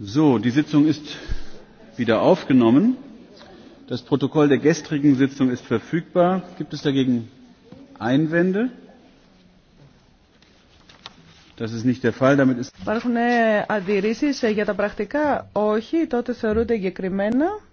So, die Sitzung ist wieder aufgenommen. Das Protokoll der gestrigen Sitzung ist verfügbar. Gibt es dagegen Einwände? Das ist nicht der Fall. Damit ist Υπάρχουν αντιρρήσει για τα πρακτικά. Όχι, τότε θεωρούνται εγκεκριμένα.